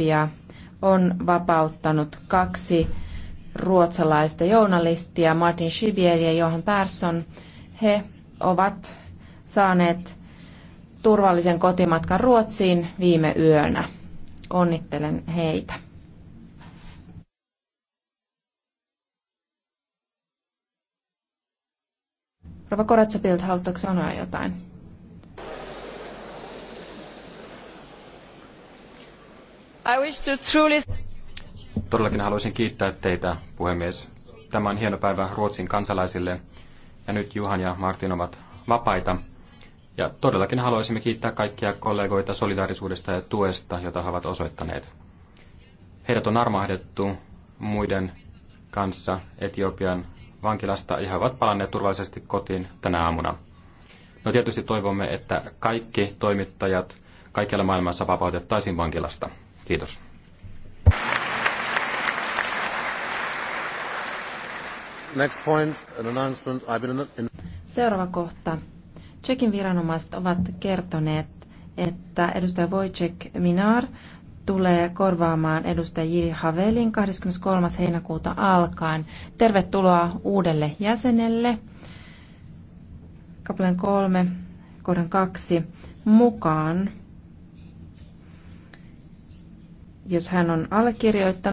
Lappia on vapauttanut kaksi ruotsalaista journalistia, Martin Schibier ja Johan Persson. He ovat saaneet turvallisen kotimatkan Ruotsiin viime yönä. Onnittelen heitä. Rova Koratsa Bild, haluatko sanoa jotain? I wish to truly... Todellakin haluaisin kiittää teitä, puhemies. Tämä on hieno päivä Ruotsin kansalaisille ja nyt Juhan ja Martin ovat vapaita. Ja todellakin haluaisimme kiittää kaikkia kollegoita solidaarisuudesta ja tuesta, jota he ovat osoittaneet. Heidät on armahdettu muiden kanssa Etiopian vankilasta ja he ovat palanneet turvallisesti kotiin tänä aamuna. No tietysti toivomme, että kaikki toimittajat kaikkialla maailmassa vapautettaisiin vankilasta. Kiitos. Next point, an announcement. I've been in... Seuraava kohta. Tsekin viranomaiset ovat kertoneet, että edustaja Wojciech Minar tulee korvaamaan edustaja Jiri Havelin 23. heinäkuuta alkaen. Tervetuloa uudelle jäsenelle. Kapleen 3, kohdan 2 mukaan jos hän on allekirjoittanut